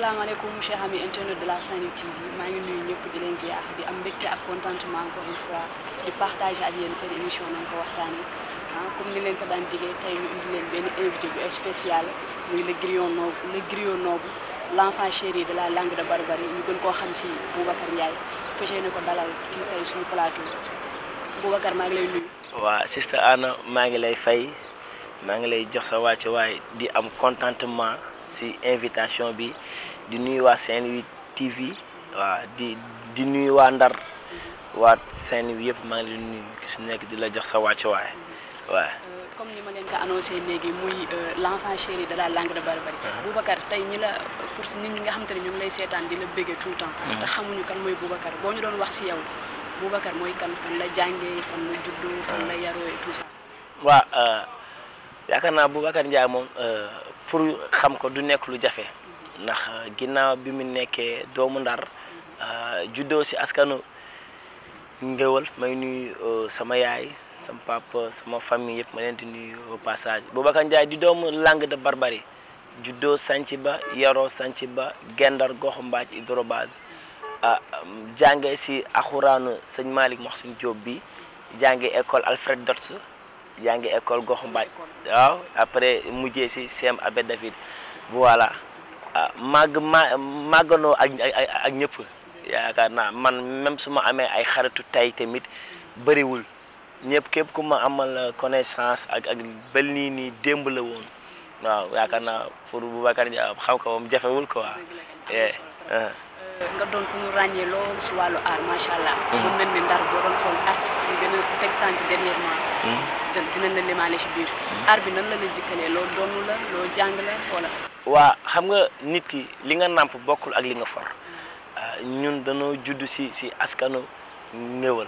asalaamaaleykum cher ami internet de la Saint-Louis TV maa ngi nuyu ñëpp di leen ziar di am mbégte ak contentement encore une fois di partager ak yéen seen émission nañ ko waxtaanee ah comme ni leen ko daan digee tey ñu indi leen benn invité bu spécial muy le griot no le griot noble l'enfant enfant chéri de la langue de barbarie ñu gën ko xam ci Boubacar Ndiaye fas yéene ko dalal fii tay suñu plateau Boubacar maa ngi lay nuyu. waa sista ana ma ngi lay fay ma ngi lay jox sa wacc wàccuwaay di am contentement si invitation bi di nuyu waa Saint-Louis TV wa di di nuyu wa Ndar waa Saint-Louis yëpp maa ngi leen nuyu ku si nekk di la jox sa wàcc waay waaw. Euh, comme ni ma leen ko annoncé léegi muy euh, l'enfant chéri de la langue de Barbarie. Mhm. Boubacar tey ñi la pour ñi nga xam ñu lay di la tout temps. Mhm. xamuñu kan mooy Boubacar boo ñu doon wax si yow Boubacar kan fan la jàngee fan la juddoo mhm. fan la et tout ça. Euh, Boubacar pour xam ko du lu ndax euh, ginnaaw bi mu nekkee doomu ndar euh, juddoo si askanu ngewal may nuyu euh, sama yaay sama papa sama famille yëpp ma leen di nuyu au passage Boubacar Ndiaye di doomu langue de barbarie juddoo sanc ba yaroo sanc ba gendar goxu mbaaj jange ah, um, jànge si axuraanu sëñ malik Mohsin Diop bi jànge école Alfred Dots jànge école goxu mbaaj waaw après mujjee si CM Abed David voilà ah màgg ma màgganoo ak ak ñëpp yaakaar naa man su ma amee ay xaritu tey tamit bëriwul ñëpp képp ku ma amal connaissance ak ak nii nii démb la woon waaw yaakaar naa pour Boubacar Dia xam ko moom jafewul quoi. Eh, ah. euh, nga doon ku ràññee lool si wàllu art macha allah. mën hmm. nañ ne ndar boo doon xool artistes yi gën a teg tànk dernièrement. Hmm. dinañ la limaale si biir. Hmm. art bi nan la la jëkkalee loo doonu la loo jàng la wala. waa xam nga nit ki li nga nàmp bokkul ak li nga for mm. ah, ñun dañoo judd si si askanu néewal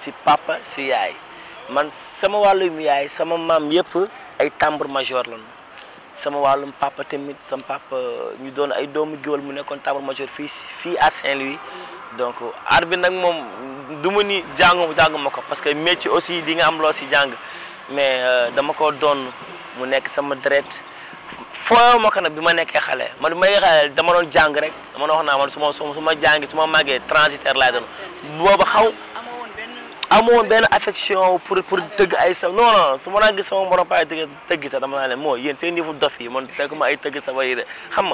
si papa si yaay man sama wàllum yaay sama maam yëpp ay tambour major lañu sama wàllum papa tamit sama papa ñu doon ay doomu géwal mu nekkoon tambour major fii fii à Saint-Louis mm. donc aar bi nag moom duma ma ni jàngu jàngu ma ko parce que métier aussi di nga am loo si jàng mais euh, dama ko doon mu nekk sama deret foo ma ko bi ma nekkee xale man bi ma nekkee xale dama doon jàng rek dama doon wax naa man su ma su ma jàngi su ma màggee transitaire laay doon booba xaw amoon benn affection pour pour tëgg ay sa non su ma daan gis sama morom paay tëgg tëgg dama naa leen moo yéen seen yëfu yi man fekkuma ay tëgg sabar yi de xam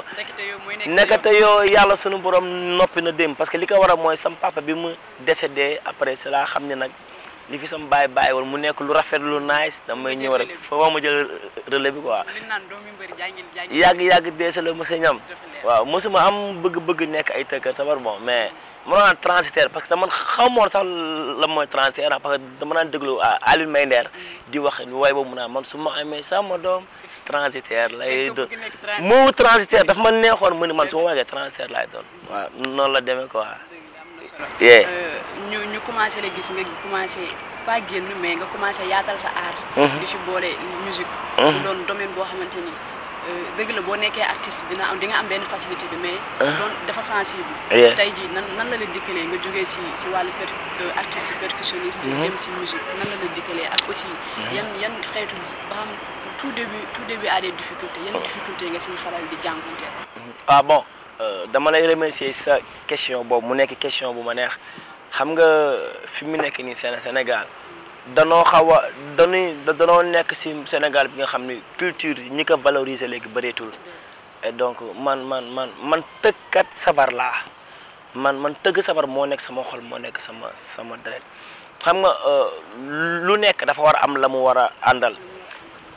nga yoo yàlla sunu borom noppi na dem parce que li ko waral mooy sam papa bi mu décédé après cela xam ne nag li fi sama bàyyi bàyyi woon mu nekk lu rafet lu nice damay ñëw rek foofu ma jël relais bi quoi. yàgg yàgg deesa la mos a ñam. waaw mosuma am bëgg-bëgg nekk ay tëkkat sabar bon mais mënoon naa parce que dama xaw ma woon sax la mooy transitaire parce que dama naan déglu Aliou Mbaye Nder mm. di wax way boobu mu naan man su ma amee sama doom transitaire lay doon mu transitaire dafa ma neexoon mu ne man su ma waxee transitaire lay doon waaw noonu la yee euh, ñu ñu commencé la gis nga commencé pas génn mais nga commencé yaatal sa art mm-hmm. di ci boole musique mm-hmm. mu doon domaine boo xamante ni euh, dëgg la boo nekkee artiste dina am di nga am benn facilité bi mais mm-hmm. doon dafa sensible tey jii nan nan la la dikkalee nga jógee si si wàllu euh, artiste percussionniste dem si musique nan la la dikkalee ak aussi yan yan xeetu ba xam tout début tout début a des difficultés yan difficultés nga si faral di jànkuwanteel ah bon Euh, ma lay remercier sa question bob mu nek question bu ma neex xam nga fi mu nekk nii Sénégal danoo xaw dano dañuy danoo nekk Sénégal bi nga xam ni culture ñi ko valoriser léegi bëreetul et donc man man man man tëggkat sabar la man man teug sabar mo nek sama xol mo nek sama sama dret xam nga euh, lu nek dafa war am la wara andal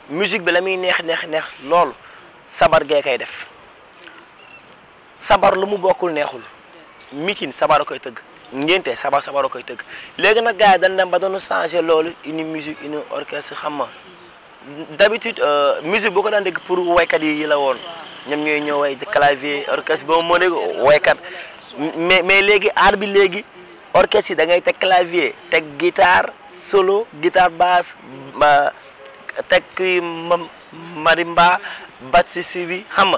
musique bi la neex neex neex loolu sabar ge kay def sabar lu mu bokkul neexul mitin sabar a koy tëgg ngénte sabar sabar a koy tëgg léegi nag gars yi dañ dem ba doon changé loolu une musique une orchestre xam ma d'habitude euh, musique boo ko daan dégg pour waykat yi la woon ñoom ñooy ñëw way clavier orchestre boo moo dégg waykat mais mais léegi aar bi léegi orchestre yi da ngay teg clavier teg guitare solo guitare basse teg marimba batisi bi xam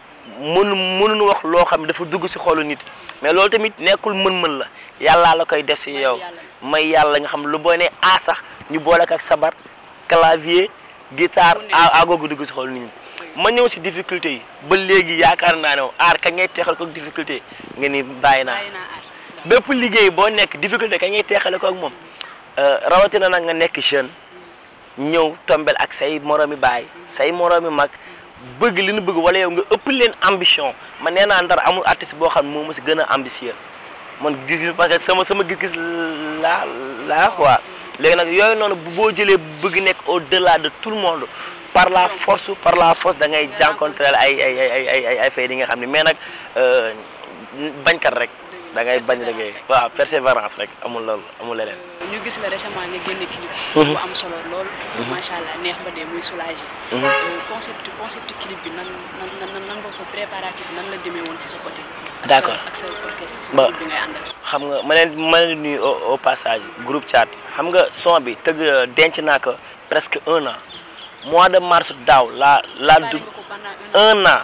mënu mënuñu wax loo xam dafa dugg si xolu nit mais loolu tamit nekkul mën-mën la yàllaa la koy def si yow may yàlla nga xam lu boo ne a sax ñu boole ak sabar clavier guitare a googu dugg si xolu nit ma ñëw si difficulté yi ba léegi yaakaar naa ne aar ka ngay teexal ko difficulté nga ni bàyyi naa bépp liggéey boo nekk difficulté ka ngay teexale ko ak moom euh, rawatina nag nga nekk jeune mm. ñëw tombel ak say moroomi baay mm. say moroomi mag mm. bëgg li ñu bëgg wala yow nga ëpp leen ambition man neena ndar amul artiste bo xam mo ma ci gëna ambitieux man gis parce que sama sama gis-gis la la quoi nak yoy non bu bo jëlé bëgg nek au delà de tout monde par la force par la force da ngay jankontrel ay ay ay ay ay fay di nga mais nak euh bañ kat rek. da ngay bañ liggéey waaw persévérance rek amul loolu amul leneen. ñu gis mhm. mhm. neex ba dee muy soulagé. Mhm. Euh, concept concept clip accord ak xam nga ma leen ma au passage groupe chat xam nga son bi tëgg denc naa ko presque un an mois de mars daaw laa laa dugg un an.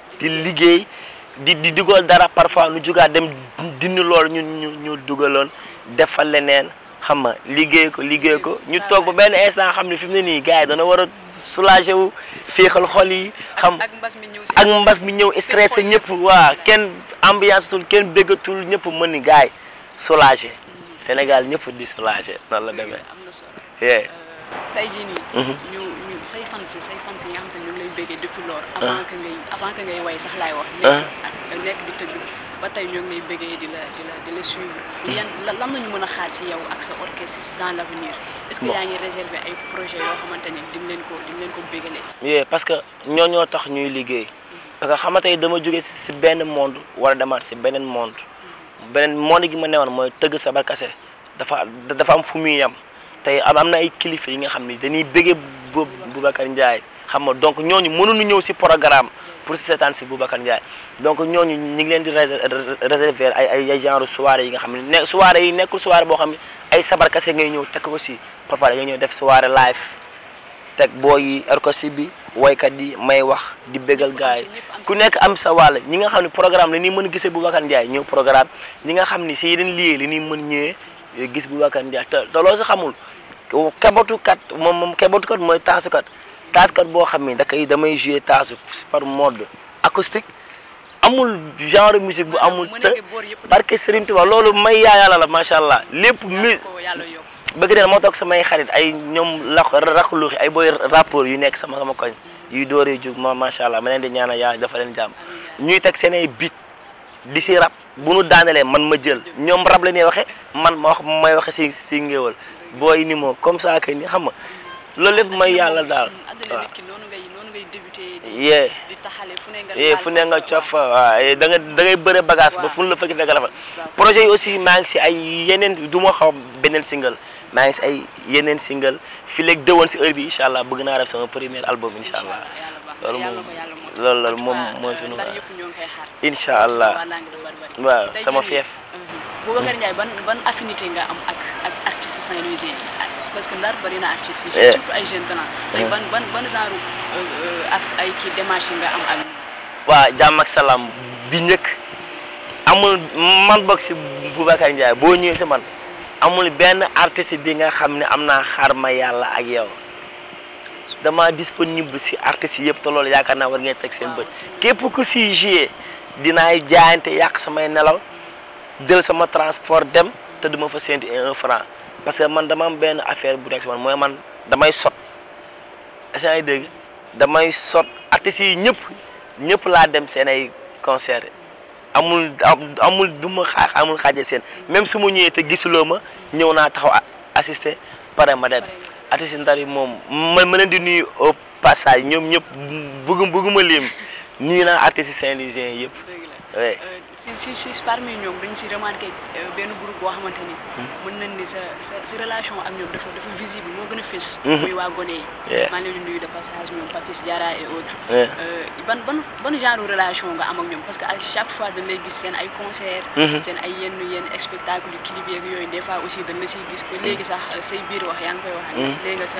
di liggéey di di dugal dara parfois nu juga dem dindi lool ñun ñu ñu dugaloon defal leneen xam nga liggéey ko liggéey ko ñu toog ba benn instant xam ne fi mu ne nii gars dana war a soulager wu féexal xol yi xam ak mbas mi ñëw stressé ñëpp waa kenn ambiance tul kenn béggatul ñëpp mën ni gars yi mm. Sénégal ñëpp di soulager noonu la demee say fans yi say fans yi nga xam te lay bëggee depuis lool. Ah. avant que ngay avant que ngay way sax laay wax. nekk ah. nekk di tëgg ba tey ñoo ngi lay bëggee di la di la suivre. Hmm. lan la mën a xaar si yow ak sa orchestre dans l' avenir. que yaa ngi réserver ay projets yoo xamante ni di ko di parce que ñoo ñoo tax ñuy liggéey. Hmm. parce que xam nga tey dama jógee si benn monde war a demaat si beneen monde. Hmm. beneen monde gi ma newoon mooy tëgg sa kase dafa dafa am fu muy yam. tey am na ay kilifa yi nga xamni ni dañuy bëggee Boubacar Ndiaye xam nga donc ñooñu ñu ñëw si programme pour seetaan si Boubacar Ndiaye donc ñooñu ñi ngi leen di réserver ay ay genre soirée yi nga xamni nek soirée yi nekul soirée bo xamni ay sabar kasse ngay ñëw teg ko ci parfois da ñëw def soirée live Tak boy yi orchestre bi kat di may wax di bégal gaay ku nekk am sa wal ñi nga xamni programme la ni mën a gisee Boubacar Ndiaye ñëw programme ñi nga xamni ne si yeneen li ni ñuy ñëw Eh, gis bu bakkan jeex te te si xamul kebatukat moom moom kebatukat mooy taasukat taasukat boo xam ni da koy damay jouer taasu par mode acoustique amul genre musique bu amul te barke Serigne Touba loolu may yaa yàlla la macha allah lépp mi bëgg deen moo toog samay xarit ay ñoom la raquluxi ay booy rapport yu nekk sama sama koñ yuy dooree jug ma macha allah ma leen di ñaanal yaa dafa leen jàmm ñuy teg seen ay bit di si rab bu nu daanalee man ma jël ñoom rab la ñuy waxe man ma wax may waxe si si ngéwal booy ni moo comme ça que ni xam nga loolu lépp may yàlla daal waaw yee yee fu ne nga cof waaw eh, da nga da ngay bëre bagage ba fu nu la fekk fekk la fa projet yi aussi maa ngi si ay yeneen du ma xaw beneen single maa ngi ay yenen single fi lek dëwoon si heure bi inshallah allah bëgg na def sama premier album inshallah allah mom lolu mom loolu moom mooy sunu incha allah sama fief mhm. Boubacar Ndiaye ban ban affinité nga am ak ak artiste saint-louisien ah, parce que Ndar bari na artiste eh. surtout ay jeunes talent ay ban ban ban genre euh, euh, ay ki démarche nga am ak wa jam ak salam bi ñëk amul man ci bu Boubacar Ndiaye bo ñëw ci man amul ben artiste bi nga xam amna am naa ma ak yow dama disponible si artiste yeb te lol yaakaar naa war ngeen tek seen beut kep ku si joué dinaay jaante yak samay nelaw del sama transport dem te duma fa séntu un franc parce que man dama am ben affaire bu nekk man moy man damay sot est deug damay sot artiste yi ñep ñep la dem seen ay concert amul amul du ma amul xaaje seen même su ma ñëwee te gisuloo ñëw naa taxaw assister pare ma dem artiste ndar yi moom ma ma di nuyu au passage ñom ñëpp bëggu bëgguma lim nuyu na artiste Saint-Louisien yëpp oui euh, si si si parmi ñoom dañ si remarqué euh, benn groupe boo xamante ni. Hmm. mën nañ ni sa sa relation ak ñoom dafa dafa visible moo gën a fës. Hmm. muy waa gone yi. maa ngi leen di nuyu de passage ñoom Papis Diarra et autres. Euh, ban ban genre relation nga am ak ñoom parce que à chaque fois dañ gis seen ay concert. Hmm. seen ay yenn yenn spectacle yu clip yeeg yooyu des fois aussi dañ la siy gis ba léegi sax say biir wax yaa ngi koy wax. nga sa.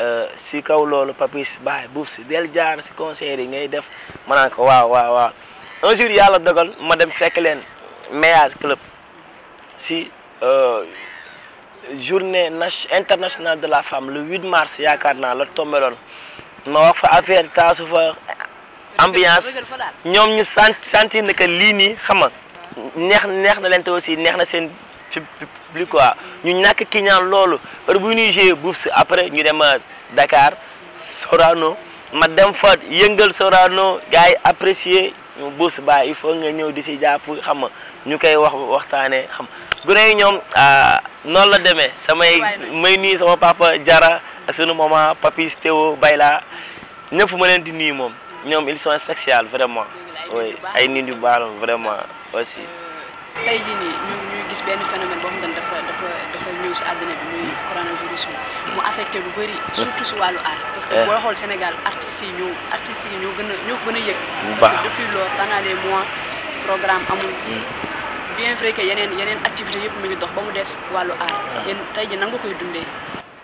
Euh, si kaw loolu papis baay buuf si del jaar si conseil yi ngay def ma ko waaw waaw waaw un yàlla dogal ma dem fekk leen maillage club si euh, journée internationale de la femme le huit mars yaakaar naa la tombeloon ma wax fa affaire taasu fa ambiance ñoom ñu sent sentir ne que lii nii xam neex neex na leen te aussi neex na seen ci public quoi ñu ñàkk ki ñaan loolu heure bu ñuy jouer Boufs après ñu dem euh, dakaar Sorano ma dem fa yëngal Sorano gars yi apprécier ñu Boufs ba il faut nga ñëw di si jàpp xam nga ñu koy wax waxtaanee xam gune yi ñoom euh, noonu la demee samay may nuyu sama papa Jara ak sunu maman Papis Théo Bayla ñëpp ma leen di nuyu moom ñoom ils sont spécial vraiment oui ay nit yu baax vraiment aussi tey jii nii ñuy gis benn phénomène boo xam ne dafa dafa dafa ñëw si àddina bi muy coronavirus mu affecté lu bëri. surtout si wàllu art. parce que eh. boo xool Sénégal artistes yi ñoo artistes yi ñoo hmm. dox ba mu des wàllu art. Ah. yéen tey jii koy dundee.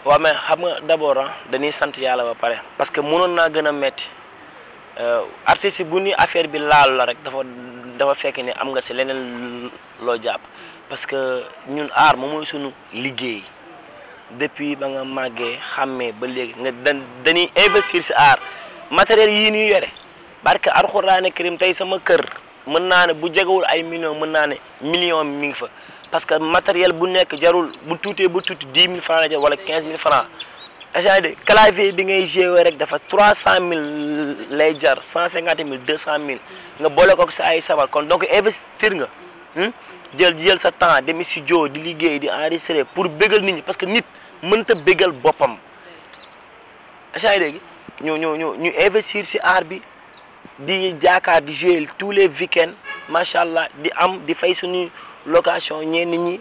waaw mais xam nga d' abord ah, dañuy sant yàlla ba pare parce que mënoon naa gën a metti euh, artistes bu ni affaire bi laal la rek dafa fekk ni am nga si leneen loo jàpp parce que ñun aar moom mooy sunu liggéey depuis ba nga màggee xàmmee ba léegi nga da dañuy investir si aar matériel yii ñuy yore barke alxuraane karim tey sama kër mën naa ne bu jegewul ay millions mën naa ne million mi ngi fa parce que matériel bu nekk jarul bu tuutee bu tuuti dix mil francs la jar wala quinze mille francs cest clavier bi ngay joué rek dafa 300000 lay jar 150000 200000 nga bolé ko sa ay sabar kon donc investir nga hmm jël jël sa temps dem studio di liggéey di enregistrer pour bégal nit ñi parce que nit mënta bégal bopam cest à ñu ñu ñu ñu investir ci art bi di jaakaar di jouer tous les week-ends macha di am di fay suñu location ñenn ñi.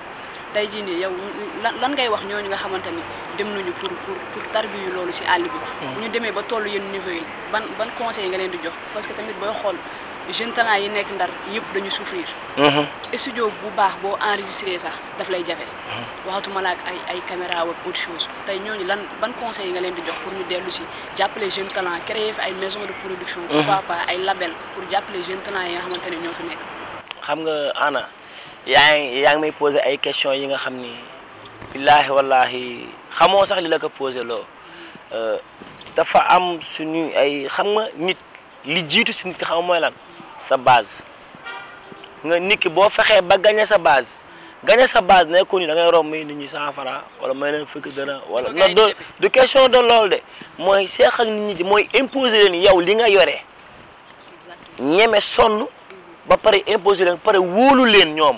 tayji ni yow lan ngay wax ñoñu nga xamante ni dem nañu pour pour pour tarbiyu lolu ci àll bi. bu hmm. ñu démé ba tollu yeen niveau yi ban ban conseil nga leen di jox parce que tamit boy xol jeune talent yi nekk ndar yépp dañu souffrir. Hmm. studio bu baax bo enregistrer sax daf lay jafé hmm. waxatu la ak ay ay caméra wala autre chose tay ñoñu lan ban conseil nga leen di jox pour ñu déllu ci jàppale jeune talent créer ay maison de production. pourquoi pas ay label pour jàppale jeune talent yi nga xamante ne ñoo fi nekk. xam nga ana yaa ngi yaa ngi may posé ay questions yi nga xam ni billaahi wallaahi xamoo sax li la ko posé loo euh, dafa am suñu ay xam nga nit li jiitu si nit ki xam nga mooy lan sa base nga nit ki boo fexee ba gagné sa base gagné sa base nekkul ni da ngay romb nit ñi cent franc wala may leen fukki dara wala non do du question de loolu de mooy seex ak nit ñi mooy imposer leen yow li nga yore ñeme sonn ba pare imposer leen ba pare wóolu leen ñoom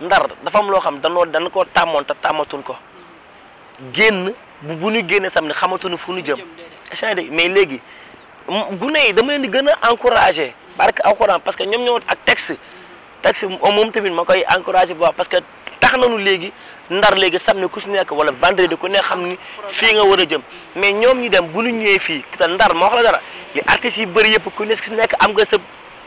ndar dafa am loo xam danoo dan koo tàmmoon te tàmmatuñ ko génn bu bu ñu génnee sam ne xamatuñu fu ñu jëm changé mais léegi gune yi dama leen gën a encouragé barke alxuraan parce que ñoom ñoo ak texte texte moom tamit moo koy encouragé bu parce que tax nañu léegi ndar léegi samedi ku si nekk wala vendredi ku ne xam ni fii nga war a jëm mais ñoom ñi dem bu ñu ñëwee fii te ndar moo wax dara li artistes yi bëri yëpp ku nekk si nekk am nga sa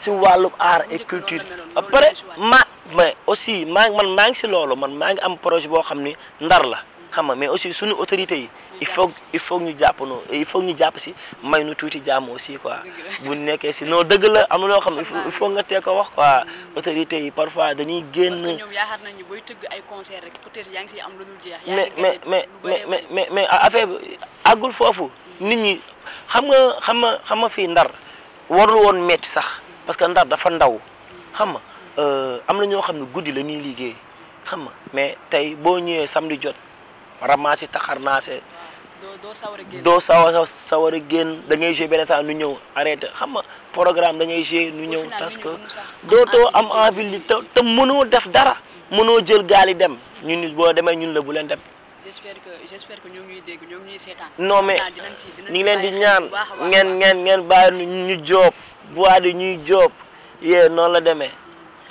si wàllu art a culture après ma mais aussi maa man maa ngi si loolu man maa ngi am projet boo xam ni ndar la xam nga mais aussi suñu autorités yi il faut il faut ñu jàpp no il faut ñu jàpp si may nu tuuti jàmm aussi quoi bu nekkee si noo dëgg la am na loo xam ne il faut nga teg ko wax quoi autorités yi parfois dañuy génn. parce que ñoom yaakaar nañu booy tëgg ay concert rek peut-être yaa ngi siy lu jeex. mais mais mais mais mais mais affaire bi àggul foofu nit ñi xam nga xam nga xam nga fii ndar. warul woon metti sax parce que ndar dafa ndaw xam nga euh, am na ñoo xam ne guddi la ñuy liggéey xam nga mais tey boo ñëwee samedi jot ramas yi taxar naase doo sawa sawar a génn da ngay jouer benn saa nu ñëw arrêté xam nga programme da ngay jouer nu ñëw parce que dootoo am envie te ta mënoo def dara mënoo jël gaal yi dem ñun boo demee ñun la bu leen dem j'espère que j'espère que ñoo ñuy dégg ñoo ngi ñuy seetaan. non mais ñu ngi leen di ñaan ngeen ngeen ngeen nu ñu joob bois de ñuy joob yee noonu la demee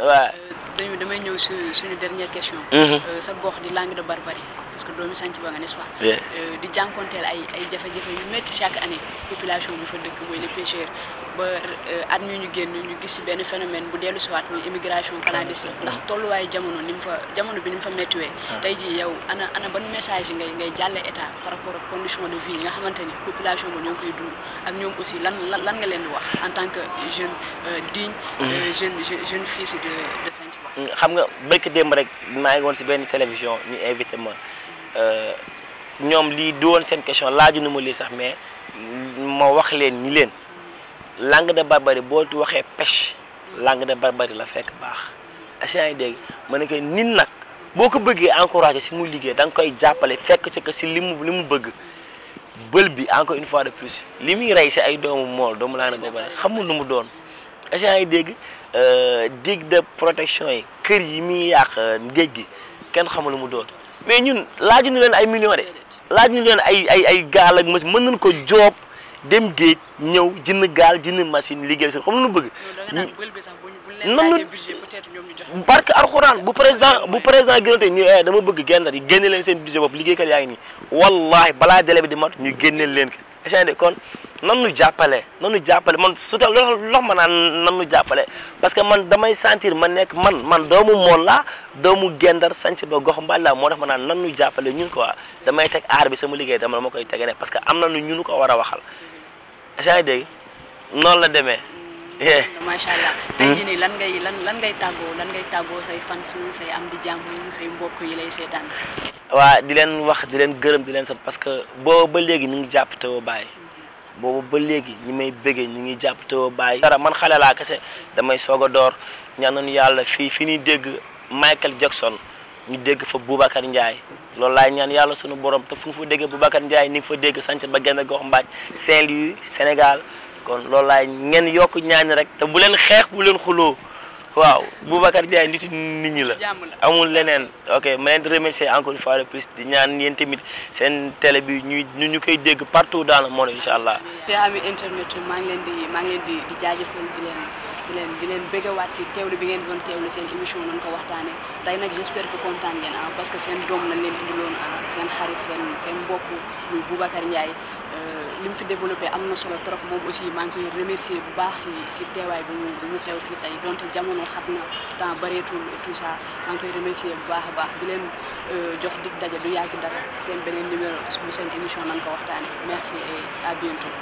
waaw. Euh, dañu damay ñëw su suñu dernière question. Mm-hmm. Euh, sa gox di langue de barbarie parce que doomi sànc ba nga n'est-ce pas. Euh, di jànkonteel ay ay jafe-jafe yu métti chaque année population bi fa dëkk mooy les pêcheurs. ba eh, at mi ñu génn ñu gis benn phénomène bu dellu si waat muy immigration clandestine mm-hmm. ndax tolluwaayu jamono ni mu fa jamono bi ni mu fa méttiwee ah. tey jii yow ana ana ban message ngay ngay jàlle état par rapport a condition de vie nga xamante ni population ba ñoo ngi koy dund ñoom aussi lan lan nga leen di wax en tant que jeune euh, digne mm-hmm. euh, jeune jeune fils de de Saint-Thiaba mm, xam nga bëkk démb rek maa ngi woon si benn télévision ñu invité ma mm-hmm. euh, ñoom lii du seen question laaj nu ma lii sax mais ma wax leen ñi leen langue de barbarie boo waxee pêche langue de barbarie la fekk baax asiant yi dégg ma ne koy nit nag boo ko bëggee encouragé si mu liggéey da nga koy jàppale fekk ci que si li mu li mu bëgg bël bi encore une fois de plus li muy rey si ay doomu mool doomu langue de barbarie xamul nu mu doon asiant yi dégg euh, digue de protection yi kër yi muy yàq euh, géej gi kenn xamul lu mu doon mais ñun laaj ñu leen ay millions de laaju ñu leen ay ay ay gaal ak mës mën nañ ko joob dem géej ñëw jënd gaal jënd machine liggéey seen xam lu bëgg. nanu barke alxuraan bu président bu président gënante ñu eh, dama bëgg gendar di génne leen seen budget bopp liggéeykat yaa ngi nii wallahi balaa délai di mat ñu génneel leen yaa kon nan nu jàppale nan nu jàppale man su dee lox ma naan nan nu jàppale parce que man damay sentir ma nekk man man doomu mool la doomu gendar sanc ba gox mbal la moo tax ma naan nan nu jàppale ñun quoi damay teg aar bi sama liggéey dama ma koy tege ne parce que am na nu ñu ko war a waxal yaa ngi dégg noonu la demee. macha allah tey hmm? nii lan ngay lan lan tàggoo lan ngay tàggoo say fans say am di jàmm say mbokk yi lay seetaan. waa di leen wax di leen gërëm di leen sax parce que boobu ba léegi ñu ngi jàpp te woo bàyyi boobu ba léegi ñu may bëggee ñu ngi jàpp te woo bàyyi dara man xale laa kese damay soog a door ñaanoon yàlla fii fi ñuy dégg Michael Jackson ñu dégg fa Boubacar Ndiaye loolu laay ñaan yàlla suñu borom te fu ñu fa déggee Boubacar Ndiaye ni nga fa dégg sant ba genn gox mbaaj Saint-Louis Sénégal kon loolu laay ngeen yokk ñaan rek te bu leen xeex bu leen xuloo waaw Boubacar Diagne nit nit ñi la. amul leneen ok ma leen di remercier encore une fois de plus di ñaan yéen tamit seen télé bi ñuy ñu ñu koy dégg partout dans le monde incha allah. te ami internet maa ngi leen di maa ngi leen di di jaajëfal leen di leen di leen bëggawaat si teewlu bi ngeen doon teewlu seen émission nañ ko waxtaanee tey nag j'espère que kontaan ngeen ah parce que seen doom lañ leen indiloon ah seen xarit seen seen mbokk muy li mu fi développé am na solo trop moom aussi maa ngi koy remercier bu baax si si teewaay bu ñu bu ñu teew fii tey donte jamono xam na temps bareetul et tout ça maa ngi koy remercier bu baax a baax di leen euh, jox dig daje du yàgg dara si seen beneen numéro bu seen émission nan ko waxtaane merci et à bientôt